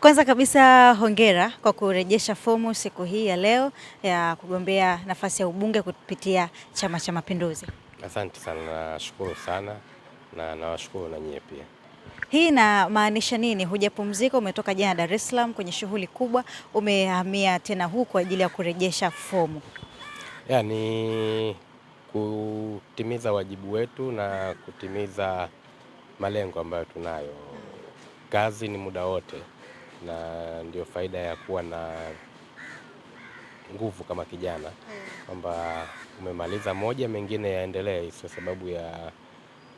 Kwanza kabisa hongera kwa kurejesha fomu siku hii ya leo ya kugombea nafasi ya ubunge kupitia Chama cha Mapinduzi. Asante sana, nashukuru sana na nawashukuru na nyie pia. Hii inamaanisha nini? Hujapumzika, umetoka jana Dar es Salaam kwenye shughuli kubwa, umehamia tena huu kwa ajili ya kurejesha fomu. Yaani kutimiza wajibu wetu na kutimiza malengo ambayo tunayo. Kazi ni muda wote na ndio faida ya kuwa na nguvu kama kijana kwamba umemaliza moja, mengine yaendelee, sio sababu ya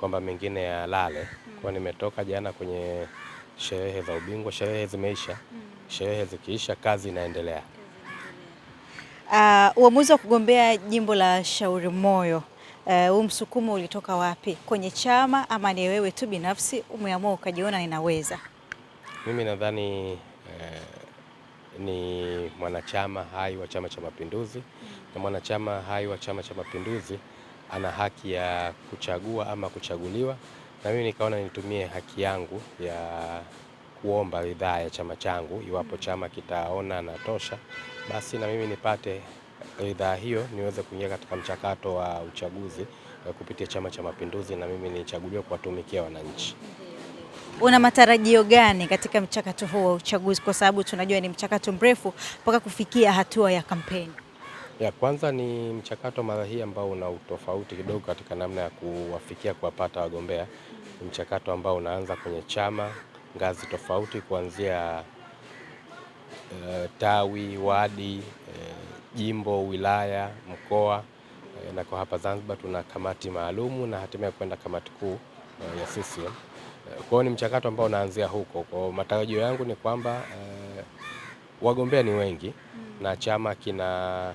kwamba mengine ya lale Kwa nimetoka jana kwenye sherehe za ubingwa, sherehe zimeisha. Sherehe zikiisha, kazi inaendelea. Uh, uamuzi wa kugombea jimbo la shauri moyo uh, huu uh, msukumo ulitoka wapi? Kwenye chama ama ni wewe tu binafsi umeamua ukajiona ninaweza? Mimi nadhani eh, ni mwanachama hai wa Chama cha Mapinduzi, na mwanachama hai wa Chama cha Mapinduzi ana haki ya kuchagua ama kuchaguliwa, na mimi nikaona nitumie haki yangu ya kuomba ridhaa ya chama changu. Iwapo mm. chama kitaona natosha, basi na mimi nipate ridhaa hiyo niweze kuingia katika mchakato wa uchaguzi eh, kupitia Chama cha Mapinduzi, na mimi nichaguliwe kuwatumikia wananchi una matarajio gani katika mchakato huu wa uchaguzi, kwa sababu tunajua ni mchakato mrefu mpaka kufikia hatua ya kampeni? Ya kwanza ni mchakato mara hii ambao una utofauti kidogo katika namna ya kuwafikia kuwapata wagombea. Ni mchakato ambao unaanza kwenye chama ngazi tofauti kuanzia e, tawi, wadi, e, jimbo, wilaya, mkoa e, na kwa hapa Zanzibar tuna kamati maalumu na hatimaye kwenda kamati kuu e, ya CCM. Eh, kwa hiyo ni mchakato ambao unaanzia huko. Kwa matarajio yangu ni kwamba e, wagombea ni wengi mm. na chama kina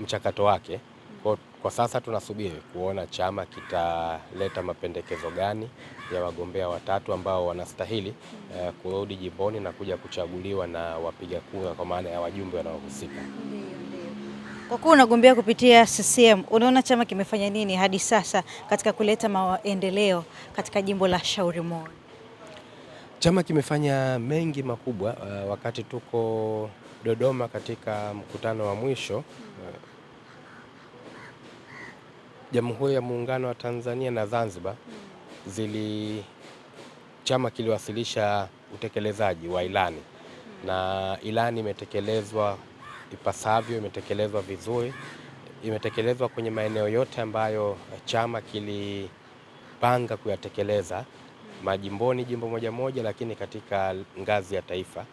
mchakato wake. Kwa, kwa sasa tunasubiri kuona chama kitaleta mapendekezo gani ya wagombea watatu ambao wanastahili e, kurudi jimboni na kuja kuchaguliwa na wapiga kura kwa maana ya wajumbe wanaohusika. Kwa kuwa unagombea kupitia CCM, unaona chama kimefanya nini hadi sasa katika kuleta maendeleo katika jimbo la Shauri Moyo? Chama kimefanya mengi makubwa. Uh, wakati tuko Dodoma katika mkutano wa mwisho uh, Jamhuri ya Muungano wa Tanzania na Zanzibar zili chama kiliwasilisha utekelezaji wa ilani na ilani imetekelezwa ipasavyo, imetekelezwa vizuri, imetekelezwa kwenye maeneo yote ambayo chama kilipanga kuyatekeleza majimboni, jimbo moja moja, lakini katika ngazi ya taifa.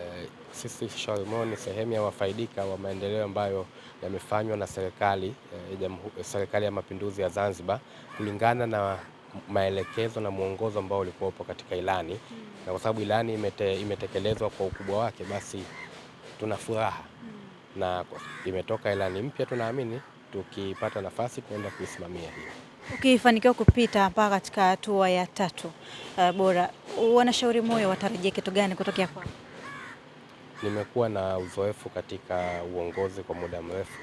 Eh, sisi Shaurmon ni sehemu ya wafaidika wa maendeleo ambayo yamefanywa na serikali eh, serikali ya mapinduzi ya Zanzibar kulingana na maelekezo na mwongozo ambao ulikuwepo katika ilani, na kwa sababu ilani imete, imetekelezwa kwa ukubwa wake, basi tuna furaha na imetoka ilani mpya, tunaamini tukipata nafasi tunaenda kuisimamia hiyo. Ukifanikiwa kupita mpaka katika hatua ya tatu uh, bora, wanashauri moyo watarajia kitu gani kutokea kwa? Nimekuwa na uzoefu katika uongozi kwa muda mrefu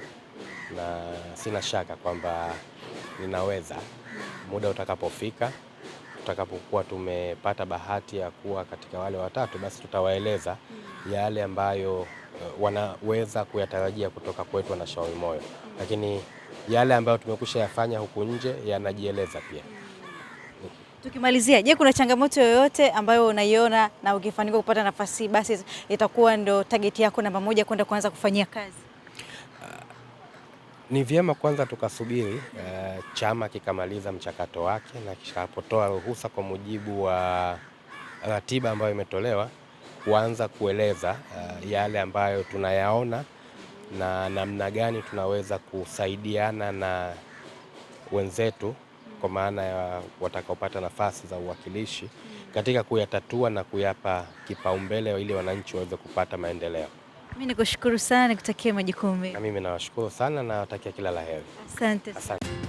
na sina shaka kwamba ninaweza. Muda utakapofika, tutakapokuwa tumepata bahati ya kuwa katika wale watatu, basi tutawaeleza yale ambayo Eh, wanaweza kuyatarajia kutoka kwetu shauri moyo, lakini yale ambayo tumekwisha yafanya huku nje yanajieleza pia. Tukimalizia, je, kuna changamoto yoyote ambayo unaiona na ukifanikiwa kupata nafasi basi itakuwa ndo target yako namba moja kwenda kuanza kufanyia kazi? Uh, ni vyema kwanza tukasubiri uh, chama kikamaliza mchakato wake na kishapotoa ruhusa kwa mujibu wa ratiba ambayo imetolewa kuanza kueleza uh, yale ambayo tunayaona na namna gani tunaweza kusaidiana na wenzetu kwa maana ya watakaopata nafasi za uwakilishi katika kuyatatua na kuyapa kipaumbele ili wananchi waweze kupata maendeleo. Mimi nikushukuru sana, nikutakie majukumu Na mimi nawashukuru sana na kila la heri. Asante. Asante.